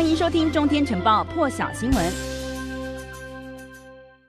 歡迎收聽《中天晨報》破曉新聞。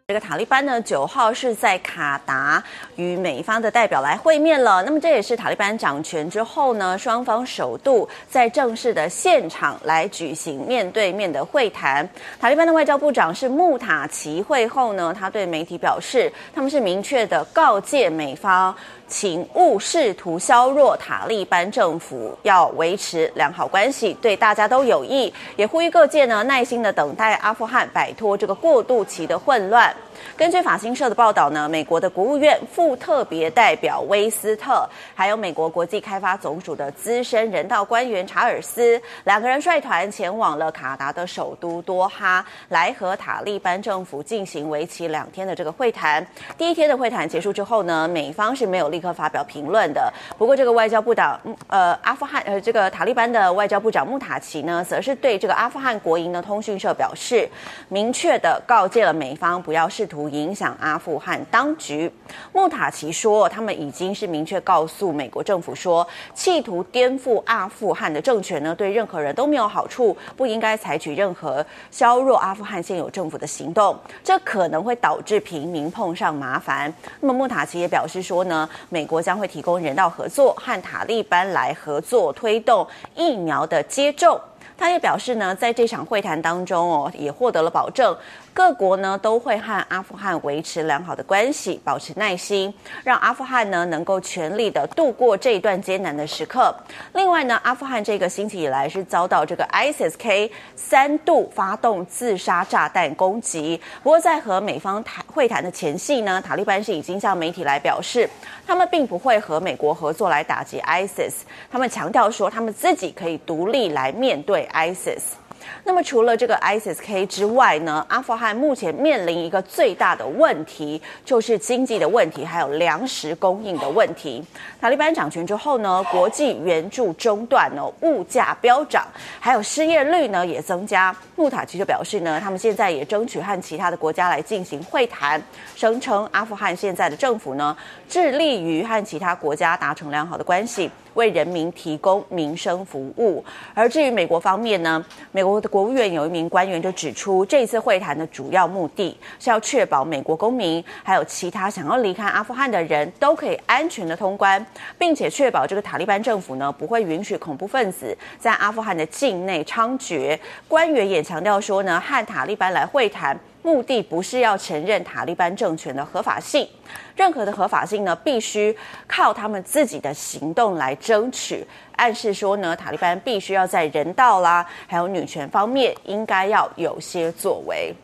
這個塔利班呢，九號是在卡達與美方的代表來會面了。那麼這也是塔利班掌權之後呢，雙方首度在正式的現場來舉行面對面的會談。塔利班的外交部長是穆塔奇會後呢，他對媒體表示，他們是明確的告誡美方。請勿試圖削弱塔利班政府，要維持良好關係，對大家都有益。也呼籲各界呢耐心的等待阿富汗擺脫這個過渡期的混亂。根據法新社的報道呢，美國的國務院副特別代表威斯特，還有美國國際開發總署的資深人道官員查爾斯，兩個人率團前往了卡達的首都多哈，來和塔利班政府進行為期兩天的這個會談。第一天的會談結束之後呢，美方是沒有立。刻發表評論的。不過，這個外交部長呃，阿富汗呃，這個塔利班的外交部長穆塔奇呢，則是對這個阿富汗國營的通訊社表示明確的告誡了美方不要試圖影響阿富汗當局。穆塔奇說，他們已經是明確告訴美國政府說，企圖顛覆阿富汗的政權呢，對任何人都沒有好處，不應該採取任何削弱阿富汗現有政府的行動。這可能會導致平民碰上麻煩。那麼，穆塔奇也表示說呢。美國將會提供人道合作，和塔利班來合作推動疫苗的接種。他也表示呢，在這場會談當中哦，也獲得了保證。各國呢，都會和阿富汗維持良好的關係，保持耐心，讓阿富汗呢能夠全力的度過這一段艱難的時刻。另外呢，阿富汗這個星期以來是遭到這個 ISIS-K 三度發動自殺炸彈攻擊。不過在和美方談會談的前夕呢，塔利班是已經向媒體來表示，他們並不會和美國合作來打擊 ISIS，IS, 他們強調說他們自己可以獨立來面對 ISIS IS。那麼除了這個 ISIS-K 之外呢，阿富汗目前面臨一個最大的問題，就是經濟的問題，還有糧食供應的問題。塔利班掌權之後呢，國際援助中斷呢，物價飆漲，還有失業率呢也增加。穆塔奇就表示呢，他們現在也爭取和其他的國家來進行會談，聲稱阿富汗現在的政府呢致力於和其他國家達成良好的關係。為人民提供民生服務。而至於美國方面呢，美國的國務院有一名官員就指出，這次會談的主要目的是要確保美國公民還有其他想要離開阿富汗的人都可以安全地通關，並且確保這個塔利班政府呢不會允許恐怖分子在阿富汗的境內猖獗。官員也強調說呢，和塔利班來會談。目的不是要承認塔利班政權的合法性，任何的合法性呢，必須靠他們自己的行動來爭取。暗示說呢，塔利班必須要在人道啦，還有女權方面，應該要有些作為。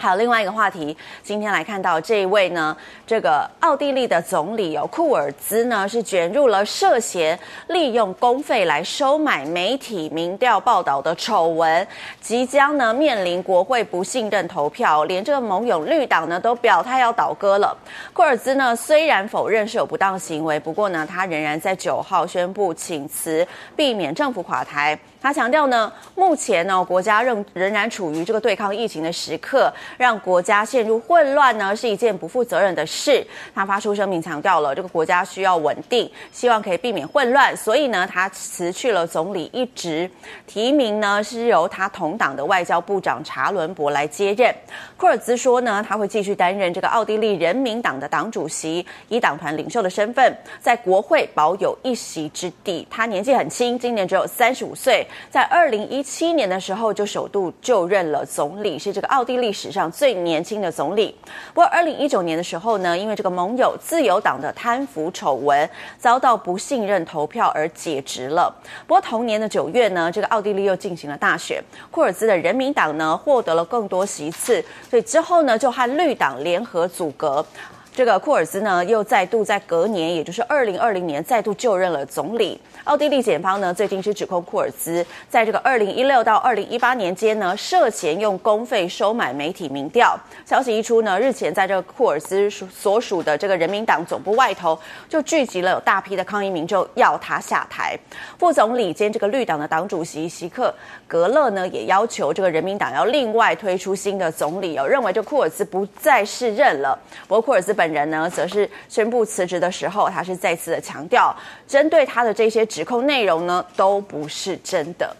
還有另外一個話題，今天來看到這一位呢，這個奧地利的總理有、哦、庫爾茨呢，是卷入了涉嫌利用公費來收買媒體民調報道的醜聞，即將呢面臨國會不信任投票，連這個盟友綠黨呢都表態要倒戈了。庫爾茨呢雖然否認是有不當行為，不過呢他仍然在九號宣布請辭，避免政府垮台。他強調呢，目前呢、哦，國家仍仍然處於這個對抗疫情的時刻，讓國家陷入混亂呢，是一件不負責任的事。他發出聲明，強調了這個國家需要穩定，希望可以避免混亂。所以呢，他辭去了總理一職，提名呢是由他同黨的外交部長查倫柏來接任。庫爾茲說呢，他會繼續擔任這個奧地利人民黨的黨主席，以黨團領袖的身份，在國會保有一席之地。他年紀很輕，今年只有三十五歲。在二零一七年的時候就首度就任了總理，是這個奧地利史上最年輕的總理。不過二零一九年的時候呢，因為這個盟友自由黨的貪腐醜聞遭到不信任投票而解職了。不過同年的九月呢，這個奧地利又進行了大選，庫爾茨的人民黨呢獲得了更多席次，所以之後呢就和綠黨聯合組閣。這個庫爾茲呢，又再度在隔年，也就是二零二零年再度就任了總理。奧地利檢方呢，最近是指控庫爾茲在這個二零一六到二零一八年間呢，涉嫌用公費收買媒體民調。消息一出呢，日前在這個庫爾茲所屬的這個人民黨總部外頭就聚集了有大批的抗議民眾就要他下台。副總理兼這個綠黨的黨主席席克格勒呢，也要求這個人民黨要另外推出新的總理，哦，有認為這庫爾茲不再適任了。不過庫爾茲本人呢，則是宣布辭職的時候，他是再次的強調，針對他的這些指控內容呢，都不是真的。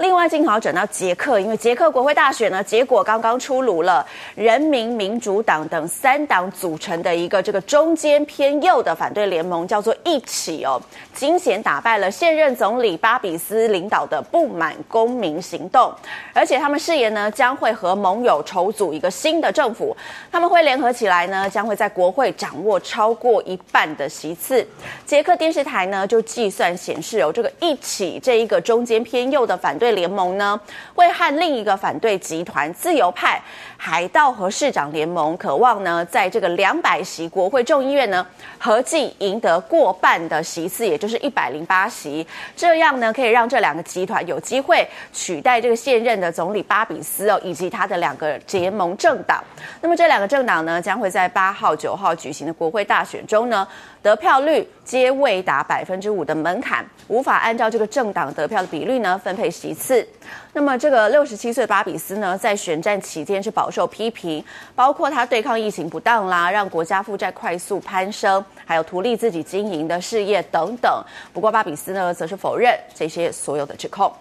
另外，鏡頭轉到捷克，因為捷克國會大選呢，結果剛剛出爐了。人民民主黨等三黨組成的一個這個中間偏右的反對聯盟，叫做“一起”哦，驚險打敗了現任總理巴比斯領導的不滿公民行動。而且他們誓言呢，將會和盟友籌組一個新的政府，他們會聯合起來呢，將會在國會掌握超過一半的席次。捷克電視臺呢，就計算顯示哦，這個“一起”這一個中間偏右的反對。聯盟呢，會和另一個反對集團——自由派海盜和市長聯盟——可望呢，在這個兩百席國會眾議院呢，合計贏得過半的席次，也就是一百零八席，這樣呢，可以讓這兩個集團有機會取代這個現任的總理巴比斯哦，以及他的兩個結盟政黨。那麼這兩個政黨呢，將會在八號、九號舉行的國會大選中呢，得票率皆未達百分之五的門檻，無法按照這個政黨得票的比率呢，分配席。一次，那麼這個六十七歲的巴比斯呢，在選戰期間是飽受批評，包括他對抗疫情不當啦，讓國家負債快速攀升，還有圖利自己經營的事業等等。不過巴比斯呢，則是否認這些所有的指控。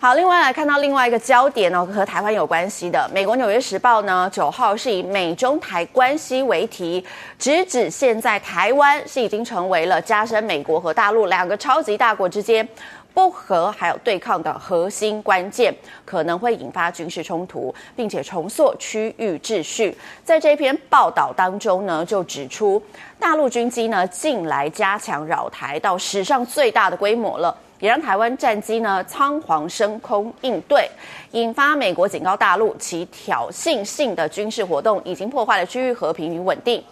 好，另外來看到另外一個焦點呢、哦，和台灣有關係的，美國《紐約時報》呢，九號是以美中台關係為題，直指現在台灣是已經成為了加深美國和大陸兩個超級大國之間，不和還有對抗的核心關鍵，可能會引發軍事衝突，並且重塑區域秩序。在這篇報道當中呢，就指出大陸軍機呢近來加強擾台到史上最大的規模了，也讓台灣戰機呢倉皇升空應對，引發美國警告大陸，其挑釁性的軍事活動已經破壞了區域和平與穩定。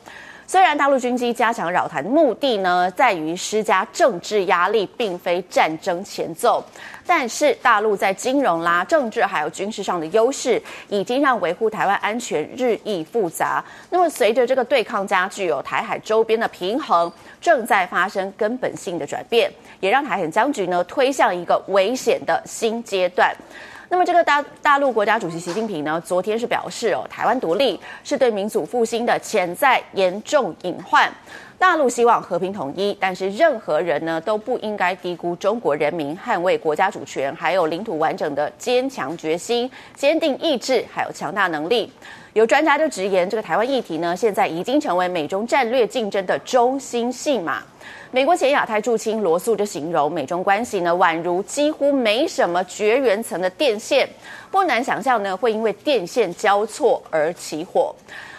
雖然大陸軍機加強擾台目的呢，在於施加政治壓力，並非戰爭前奏，但是大陸在金融啦、政治還有軍事上的優勢，已經讓維護台灣安全日益複雜。那麼，隨着這個對抗加劇，哦，台海周邊的平衡正在發生根本性的轉變，也讓台海僵局呢推向一個危險的新階段。那麼，這個大大陸國家主席習近平呢，昨天是表示哦，台灣獨立是對民族復興的潛在嚴重隱患。大陸希望和平統一，但是任何人呢，都不應該低估中國人民捍衛國家主權，還有領土完整的堅強決心、堅定意志還有強大能力。有專家就直言，這個台灣議題呢，現在已經成為美中戰略競爭的中心戲碼。美國前亞太助卿羅素就形容，美中關係呢，宛如幾乎沒什麼絕緣層的電線，不難想象呢，會因為電線交錯而起火。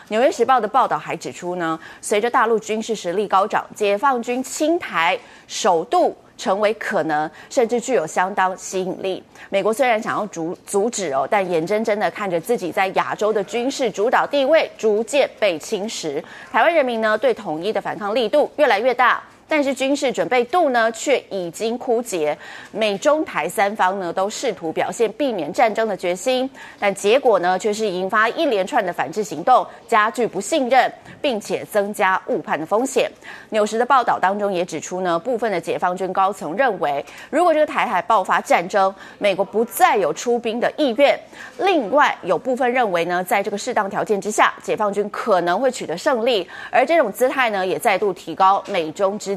紐約時報的報道還指出呢，隨着大陸軍事實力高漲，解放軍侵台首度成為可能，甚至具有相當吸引力。美國雖然想要阻阻止哦，但眼睜睜的看着自己在亞洲的軍事主導地位逐漸被侵蝕。台灣人民呢，對統一的反抗力度越來越大。但是軍事準備度呢，卻已經枯竭。美中台三方呢，都試圖表現避免戰爭的決心，但結果呢，卻是引發一連串的反制行動，加劇不信任，並且增加誤判的風險。紐時的報道當中也指出呢，部分的解放軍高層認為，如果這個台海爆發戰爭，美國不再有出兵的意願。另外，有部分認為呢，在這個適當條件之下，解放軍可能會取得勝利，而這種姿態呢，也再度提高美中之